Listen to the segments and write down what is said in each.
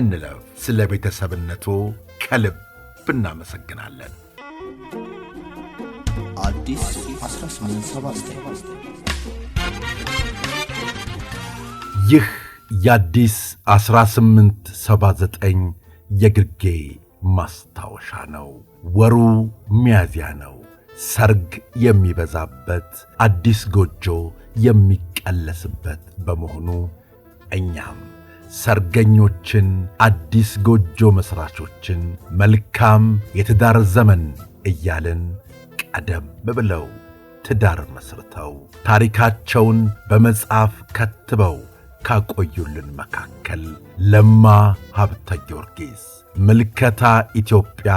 እንለፍ። ስለ ቤተሰብነቱ ከልብ እናመሰግናለን። ይህ የአዲስ 1879 የግርጌ ማስታወሻ ነው። ወሩ ሚያዝያ ነው። ሰርግ የሚበዛበት አዲስ ጎጆ የሚቀለስበት በመሆኑ እኛም ሰርገኞችን፣ አዲስ ጎጆ መሥራቾችን መልካም የትዳር ዘመን እያልን ቀደም ብለው ትዳር መስርተው ታሪካቸውን በመጽሐፍ ከትበው ካቆዩልን መካከል ለማ ሀብተ ጊዮርጊስ ምልከታ ኢትዮጵያ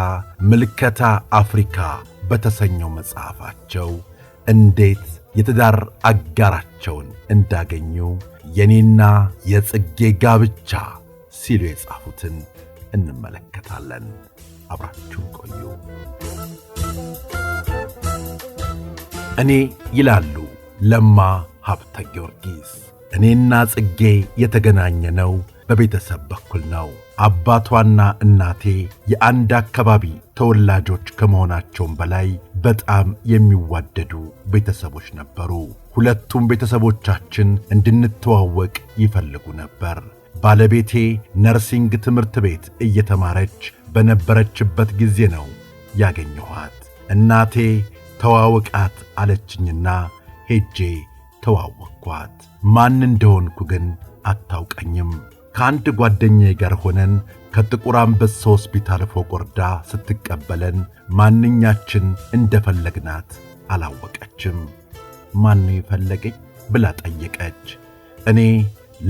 ምልከታ አፍሪካ በተሰኘው መጽሐፋቸው እንዴት የትዳር አጋራቸውን እንዳገኙ የኔና የጽጌ ጋብቻ ሲሉ የጻፉትን እንመለከታለን። አብራችሁን ቆዩ። እኔ ይላሉ ለማ ሀብተ ጊዮርጊስ፣ እኔና ጽጌ የተገናኘ ነው በቤተሰብ በኩል ነው። አባቷና እናቴ የአንድ አካባቢ ተወላጆች ከመሆናቸውም በላይ በጣም የሚዋደዱ ቤተሰቦች ነበሩ። ሁለቱም ቤተሰቦቻችን እንድንተዋወቅ ይፈልጉ ነበር። ባለቤቴ ነርሲንግ ትምህርት ቤት እየተማረች በነበረችበት ጊዜ ነው ያገኘኋት። እናቴ ተዋወቃት አለችኝና ሄጄ ተዋወቅኳት። ማን እንደሆንኩ ግን አታውቀኝም። ከአንድ ጓደኛዬ ጋር ሆነን ከጥቁር አንበሳ ሆስፒታል ፎቅ ወርዳ ስትቀበለን ማንኛችን እንደፈለግናት አላወቀችም። ማን ነው የፈለገኝ ብላ ጠየቀች። እኔ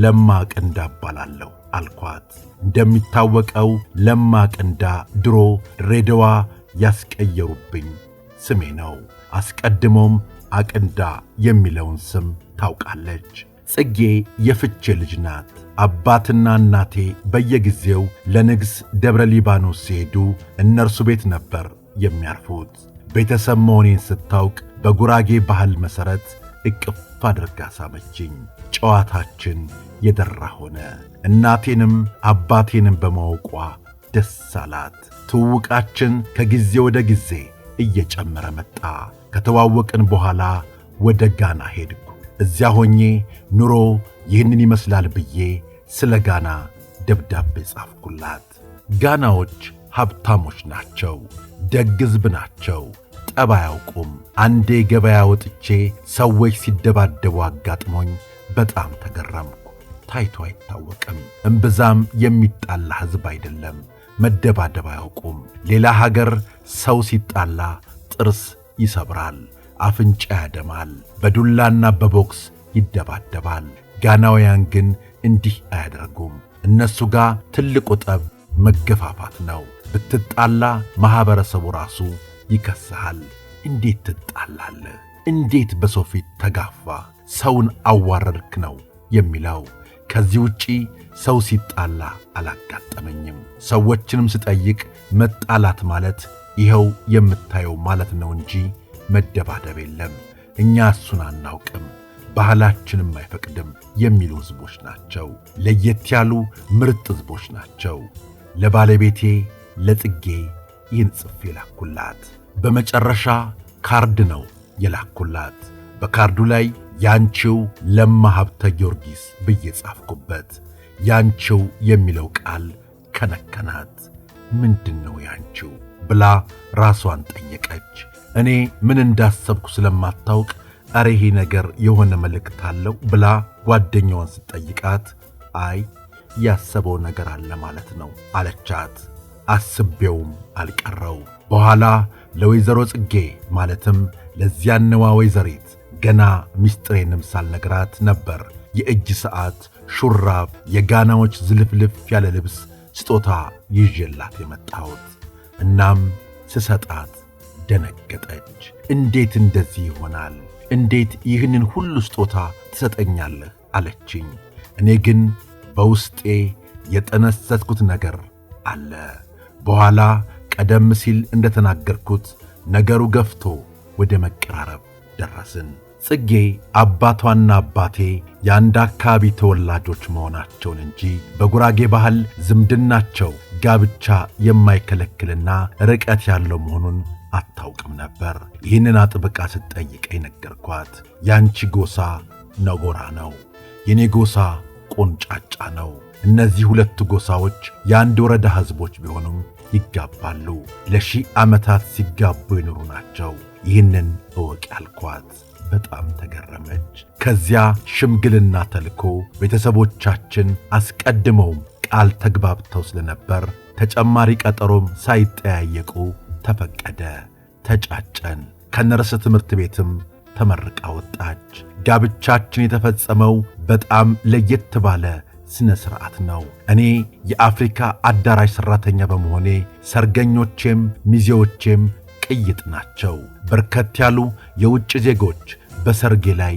ለማ ቅንዳ እባላለሁ አልኳት። እንደሚታወቀው ለማ ቅንዳ ድሮ ድሬዳዋ ያስቀየሩብኝ ስሜ ነው። አስቀድሞም አቅንዳ የሚለውን ስም ታውቃለች። ጽጌ የፍቼ ልጅ ናት። አባትና እናቴ በየጊዜው ለንግሥ ደብረ ሊባኖስ ሲሄዱ እነርሱ ቤት ነበር የሚያርፉት። ቤተሰብ መሆኔን ስታውቅ በጉራጌ ባህል መሠረት እቅፍ አድርጋ ሳመችኝ። ጨዋታችን የደራ ሆነ። እናቴንም አባቴንም በማወቋ ደስ አላት። ትውውቃችን ከጊዜ ወደ ጊዜ እየጨመረ መጣ። ከተዋወቅን በኋላ ወደ ጋና ሄድኩ። እዚያ ሆኜ ኑሮ ይህንን ይመስላል ብዬ ስለ ጋና ደብዳቤ ጻፍኩላት። ጋናዎች ሀብታሞች ናቸው፣ ደግ ሕዝብ ናቸው፣ ጠብ አያውቁም። አንዴ ገበያ ወጥቼ ሰዎች ሲደባደቡ አጋጥሞኝ በጣም ተገረምኩ። ታይቶ አይታወቅም። እምብዛም የሚጣላ ሕዝብ አይደለም። መደባደብ አያውቁም። ሌላ ሀገር ሰው ሲጣላ ጥርስ ይሰብራል። አፍንጫ ያደማል፣ በዱላና በቦክስ ይደባደባል። ጋናውያን ግን እንዲህ አያደርጉም። እነሱ ጋር ትልቁ ጠብ መገፋፋት ነው። ብትጣላ ማኅበረሰቡ ራሱ ይከስሃል። እንዴት ትጣላለህ? እንዴት በሰው ፊት ተጋፋ? ሰውን አዋረድክ ነው የሚለው። ከዚህ ውጪ ሰው ሲጣላ አላጋጠመኝም። ሰዎችንም ስጠይቅ መጣላት ማለት ይኸው የምታየው ማለት ነው እንጂ መደባደብ የለም፣ እኛ እሱን አናውቅም፣ ባህላችንም አይፈቅድም የሚሉ ሕዝቦች ናቸው። ለየት ያሉ ምርጥ ሕዝቦች ናቸው። ለባለቤቴ ለጥጌ ይህን ጽፌ ላኩላት። በመጨረሻ ካርድ ነው የላኩላት። በካርዱ ላይ ያንቺው ለማ ሀብተ ጊዮርጊስ ብዬ ጻፍኩበት። ያንቺው የሚለው ቃል ከነከናት። ምንድን ነው ያንቺው ብላ ራሷን ጠየቀች። እኔ ምን እንዳሰብኩ ስለማታውቅ ኧረ ይሄ ነገር የሆነ መልእክት አለው ብላ ጓደኛዋን ስትጠይቃት አይ ያሰበው ነገር አለ ማለት ነው አለቻት። አስቤውም አልቀረው። በኋላ ለወይዘሮ ጽጌ ማለትም ለዚያነዋ ወይዘሪት ገና ምስጢሬንም ሳልነግራት ነበር የእጅ ሰዓት፣ ሹራብ፣ የጋናዎች ዝልፍልፍ ያለ ልብስ ስጦታ ይዤላት የመጣሁት። እናም ስሰጣት ደነገጠች። እንዴት እንደዚህ ይሆናል? እንዴት ይህንን ሁሉ ስጦታ ትሰጠኛለህ? አለችኝ። እኔ ግን በውስጤ የጠነሰትኩት ነገር አለ። በኋላ ቀደም ሲል እንደተናገርኩት ነገሩ ገፍቶ ወደ መቀራረብ ደረስን። ጽጌ አባቷና አባቴ የአንድ አካባቢ ተወላጆች መሆናቸውን እንጂ በጉራጌ ባህል ዝምድናቸው ጋብቻ የማይከለክልና ርቀት ያለው መሆኑን አታውቅም ነበር። ይህንን አጥብቃ ስትጠይቀኝ ነገርኳት። ያንቺ ጎሳ ነጎራ ነው፣ የኔ ጎሳ ቆንጫጫ ነው። እነዚህ ሁለቱ ጎሳዎች የአንድ ወረዳ ሕዝቦች ቢሆኑም ይጋባሉ። ለሺህ ዓመታት ሲጋቡ የኖሩ ናቸው። ይህንን እወቅ ያልኳት በጣም ተገረመች። ከዚያ ሽምግልና ተልኮ ቤተሰቦቻችን አስቀድመውም ቃል ተግባብተው ስለነበር ተጨማሪ ቀጠሮም ሳይጠያየቁ ተፈቀደ። ተጫጨን። ከነርስ ትምህርት ቤትም ተመርቃ ወጣች። ጋብቻችን የተፈጸመው በጣም ለየት ባለ ሥነ ሥርዓት ነው። እኔ የአፍሪካ አዳራሽ ሠራተኛ በመሆኔ ሰርገኞቼም ሚዜዎቼም ቅይጥ ናቸው። በርከት ያሉ የውጭ ዜጎች በሰርጌ ላይ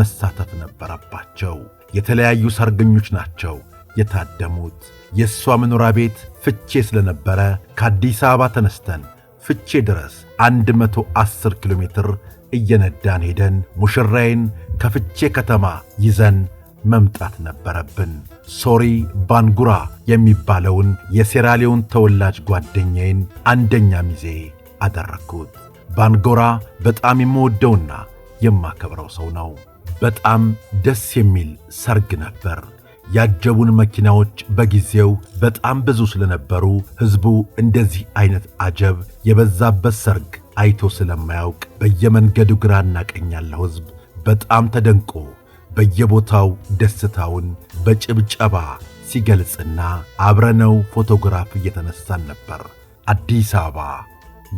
መሳተፍ ነበረባቸው። የተለያዩ ሰርገኞች ናቸው የታደሙት። የእሷ መኖሪያ ቤት ፍቼ ስለነበረ ከአዲስ አበባ ተነስተን ፍቼ ድረስ 110 ኪሎ ሜትር እየነዳን ሄደን ሙሽራዬን ከፍቼ ከተማ ይዘን መምጣት ነበረብን። ሶሪ ባንጉራ የሚባለውን የሴራሊዮን ተወላጅ ጓደኛዬን አንደኛ ሚዜ አደረግኩት። ባንጎራ በጣም የምወደውና የማከብረው ሰው ነው። በጣም ደስ የሚል ሰርግ ነበር። ያጀቡን መኪናዎች በጊዜው በጣም ብዙ ስለነበሩ ሕዝቡ እንደዚህ አይነት አጀብ የበዛበት ሰርግ አይቶ ስለማያውቅ በየመንገዱ ግራና ቀኝ ያለው ሕዝብ በጣም ተደንቆ በየቦታው ደስታውን በጭብጨባ ሲገልጽና አብረነው ፎቶግራፍ እየተነሳን ነበር አዲስ አበባ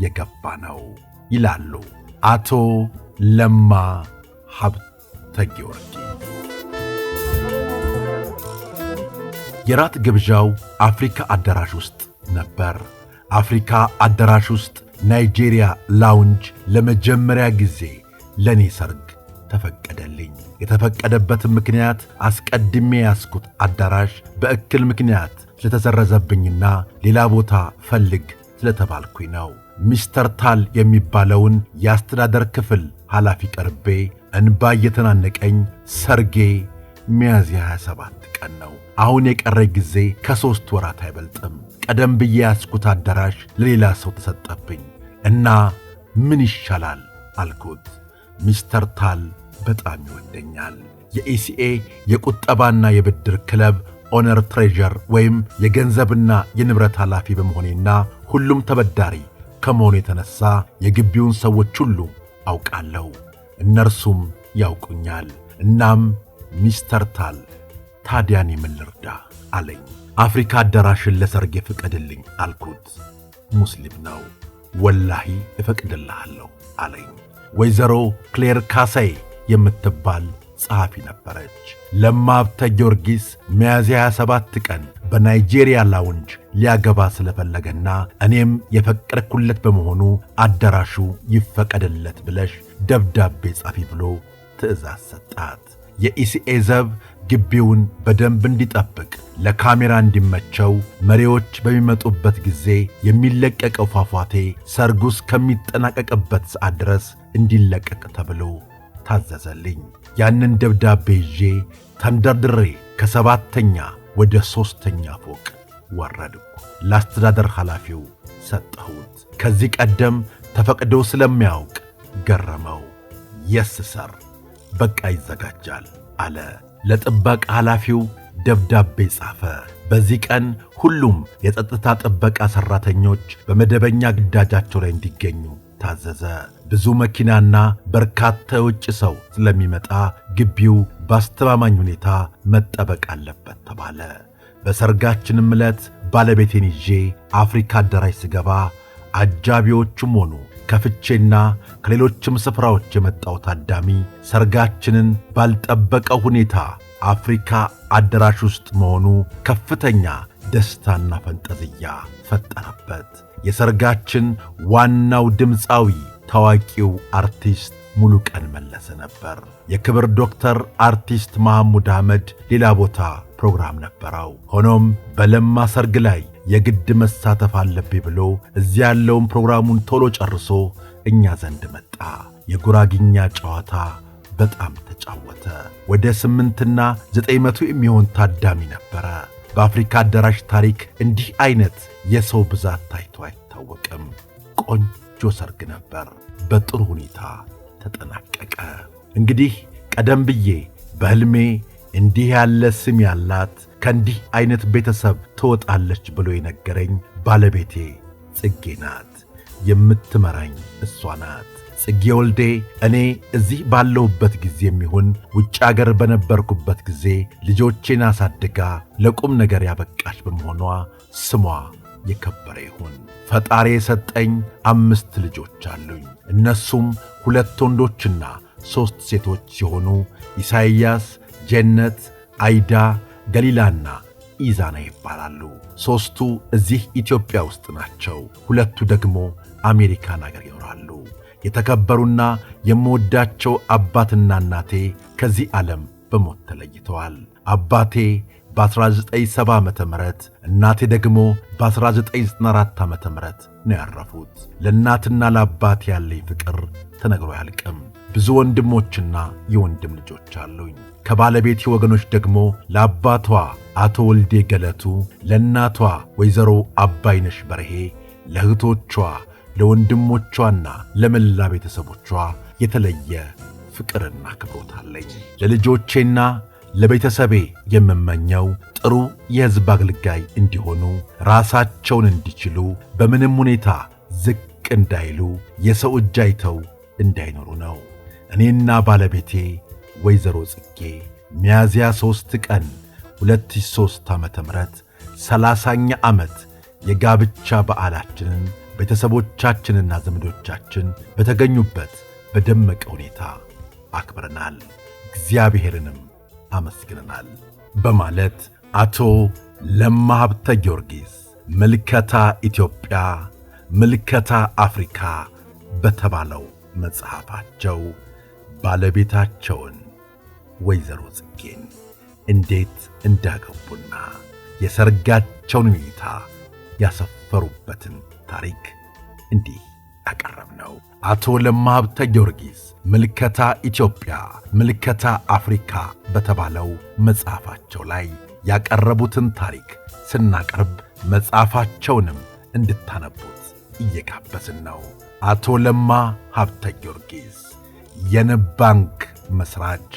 የገባ ነው ይላሉ አቶ ለማ ሀብተ ጊዮርጊስ። የራት ግብዣው አፍሪካ አዳራሽ ውስጥ ነበር። አፍሪካ አዳራሽ ውስጥ ናይጄሪያ ላውንጅ ለመጀመሪያ ጊዜ ለእኔ ሰርግ ተፈቀደልኝ። የተፈቀደበት ምክንያት አስቀድሜ ያስኩት አዳራሽ በእክል ምክንያት ስለተሰረዘብኝና ሌላ ቦታ ፈልግ ስለተባልኩኝ ነው። ሚስተር ታል የሚባለውን የአስተዳደር ክፍል ኃላፊ ቀርቤ እንባ እየተናነቀኝ ሰርጌ ሚያዝያ 27 ቀን ነው። አሁን የቀረ ጊዜ ከሦስት ወራት አይበልጥም። ቀደም ብዬ ያስኩት አዳራሽ ለሌላ ሰው ተሰጠብኝ እና ምን ይሻላል አልኩት። ሚስተር ታል በጣም ይወደኛል። የኢሲኤ የቁጠባና የብድር ክለብ ኦነር ትሬዠር ወይም የገንዘብና የንብረት ኃላፊ በመሆኔና ሁሉም ተበዳሪ ከመሆኑ የተነሳ የግቢውን ሰዎች ሁሉ አውቃለሁ፣ እነርሱም ያውቁኛል። እናም ሚስተር ታል ታዲያን የምን አለኝ። አፍሪካ አዳራሽን ለሰርጌ ፍቀድልኝ አልኩት። ሙስሊም ነው። ወላሂ እፈቅድልሃለሁ አለኝ። ወይዘሮ ክሌር ካሳይ የምትባል ጸሐፊ ነበረች። ለማብተ ጊዮርጊስ ሚያዝያ 27 ቀን በናይጄሪያ ላውንጅ ሊያገባ ስለፈለገና እኔም የፈቀድኩለት በመሆኑ አዳራሹ ይፈቀድለት ብለሽ ደብዳቤ ጻፊ ብሎ ትዕዛዝ ሰጣት። የኢሲኤ ዘብ ግቢውን በደንብ እንዲጠብቅ ለካሜራ እንዲመቸው መሪዎች በሚመጡበት ጊዜ የሚለቀቀው ፏፏቴ ሰርጉ እስከሚጠናቀቅበት ሰዓት ድረስ እንዲለቀቅ ተብሎ ታዘዘልኝ። ያንን ደብዳቤ ይዤ ተንደርድሬ ከሰባተኛ ወደ ሦስተኛ ፎቅ ወረድኩ። ለአስተዳደር ኃላፊው ሰጠሁት። ከዚህ ቀደም ተፈቅዶ ስለሚያውቅ ገረመው የስ ሰር በቃ ይዘጋጃል አለ። ለጥበቃ ኃላፊው ደብዳቤ ጻፈ። በዚህ ቀን ሁሉም የጸጥታ ጥበቃ ሠራተኞች በመደበኛ ግዳጃቸው ላይ እንዲገኙ ታዘዘ። ብዙ መኪናና በርካታ የውጭ ሰው ስለሚመጣ ግቢው በአስተማማኝ ሁኔታ መጠበቅ አለበት ተባለ። በሰርጋችንም ዕለት ባለቤቴን ይዤ አፍሪካ አዳራሽ ስገባ አጃቢዎቹም ሆኑ ከፍቼና ከሌሎችም ስፍራዎች የመጣው ታዳሚ ሰርጋችንን ባልጠበቀው ሁኔታ አፍሪካ አዳራሽ ውስጥ መሆኑ ከፍተኛ ደስታና ፈንጠዝያ ፈጠረበት። የሰርጋችን ዋናው ድምፃዊ ታዋቂው አርቲስት ሙሉቀን መለሰ ነበር። የክብር ዶክተር አርቲስት መሐሙድ አህመድ ሌላ ቦታ ፕሮግራም ነበረው። ሆኖም በለማ ሰርግ ላይ የግድ መሳተፍ አለብኝ ብሎ እዚያ ያለውን ፕሮግራሙን ቶሎ ጨርሶ እኛ ዘንድ መጣ። የጉራግኛ ጨዋታ በጣም ተጫወተ። ወደ ስምንትና ዘጠኝ መቶ የሚሆን ታዳሚ ነበረ። በአፍሪካ አዳራሽ ታሪክ እንዲህ አይነት የሰው ብዛት ታይቶ አይታወቅም። ቆንጆ ሰርግ ነበር። በጥሩ ሁኔታ ተጠናቀቀ። እንግዲህ ቀደም ብዬ በሕልሜ እንዲህ ያለ ስም ያላት ከእንዲህ አይነት ቤተሰብ ትወጣለች ብሎ የነገረኝ ባለቤቴ ጽጌ ናት። የምትመራኝ እሷ ናት። ጽጌ ወልዴ እኔ እዚህ ባለሁበት ጊዜ የሚሆን ውጭ አገር በነበርኩበት ጊዜ ልጆቼን አሳድጋ ለቁም ነገር ያበቃች በመሆኗ ስሟ የከበረ ይሁን። ፈጣሪ የሰጠኝ አምስት ልጆች አሉኝ። እነሱም ሁለት ወንዶችና ሦስት ሴቶች ሲሆኑ ኢሳይያስ፣ ጀነት፣ አይዳ ገሊላና ኢዛና ይባላሉ። ሦስቱ እዚህ ኢትዮጵያ ውስጥ ናቸው። ሁለቱ ደግሞ አሜሪካን አገር ይኖራሉ። የተከበሩና የምወዳቸው አባትና እናቴ ከዚህ ዓለም በሞት ተለይተዋል። አባቴ በ1970 ዓ ም እናቴ ደግሞ በ1994 ዓ ም ነው ያረፉት። ለእናትና ለአባቴ ያለኝ ፍቅር ተነግሮ አያልቅም። ብዙ ወንድሞችና የወንድም ልጆች አሉኝ። ከባለቤቴ ወገኖች ደግሞ ለአባቷ አቶ ወልዴ ገለቱ፣ ለእናቷ ወይዘሮ አባይነሽ በርሄ፣ ለእህቶቿ ለወንድሞቿና ለመላ ቤተሰቦቿ የተለየ ፍቅርና አክብሮት አለኝ። ለልጆቼና ለቤተሰቤ የምመኘው ጥሩ የሕዝብ አገልጋይ እንዲሆኑ፣ ራሳቸውን እንዲችሉ፣ በምንም ሁኔታ ዝቅ እንዳይሉ፣ የሰው እጅ አይተው እንዳይኖሩ ነው። እኔና ባለቤቴ ወይዘሮ ጽጌ ሚያዝያ 3 ቀን 2003 ዓ.ም 30ኛ ዓመት የጋብቻ በዓላችንን ቤተሰቦቻችንና ዘመዶቻችን በተገኙበት በደመቀ ሁኔታ አክብረናል፣ እግዚአብሔርንም አመስግነናል በማለት አቶ ለማ ሀብተ ጊዮርጊስ ምልከታ ኢትዮጵያ ምልከታ አፍሪካ በተባለው መጽሐፋቸው ባለቤታቸውን ወይዘሮ ጽጌን እንዴት እንዳገቡና የሰርጋቸውን ሁኔታ ያሰፈሩበትን ታሪክ እንዲህ ያቀረብ ነው። አቶ ለማ ሀብተ ጊዮርጊስ ምልከታ ኢትዮጵያ ምልከታ አፍሪካ በተባለው መጽሐፋቸው ላይ ያቀረቡትን ታሪክ ስናቀርብ መጽሐፋቸውንም እንድታነቡት እየጋበዝን ነው። አቶ ለማ ሀብተ ጊዮርጊስ የንብ ባንክ መስራች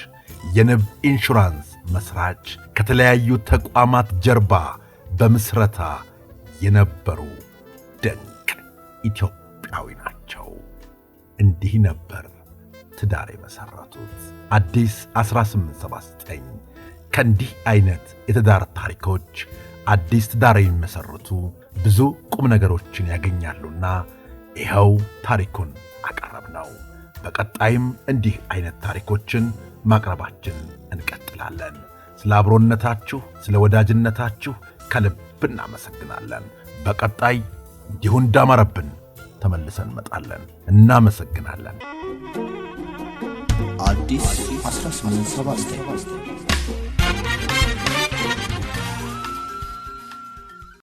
የንብ ኢንሹራንስ መስራች ከተለያዩ ተቋማት ጀርባ በምስረታ የነበሩ ድንቅ ኢትዮጵያዊ ናቸው። እንዲህ ነበር ትዳር የመሠረቱት። አዲስ 1879 ከእንዲህ አይነት የትዳር ታሪኮች አዲስ ትዳር የሚመሠርቱ ብዙ ቁም ነገሮችን ያገኛሉና ይኸው ታሪኩን አቀረብ ነው። በቀጣይም እንዲህ አይነት ታሪኮችን ማቅረባችን እንቀጥላለን። ስለ አብሮነታችሁ፣ ስለ ወዳጅነታችሁ ከልብ እናመሰግናለን። በቀጣይ እንዲሁ እንዳማረብን ተመልሰን እንመጣለን። እናመሰግናለን። አዲስ 1879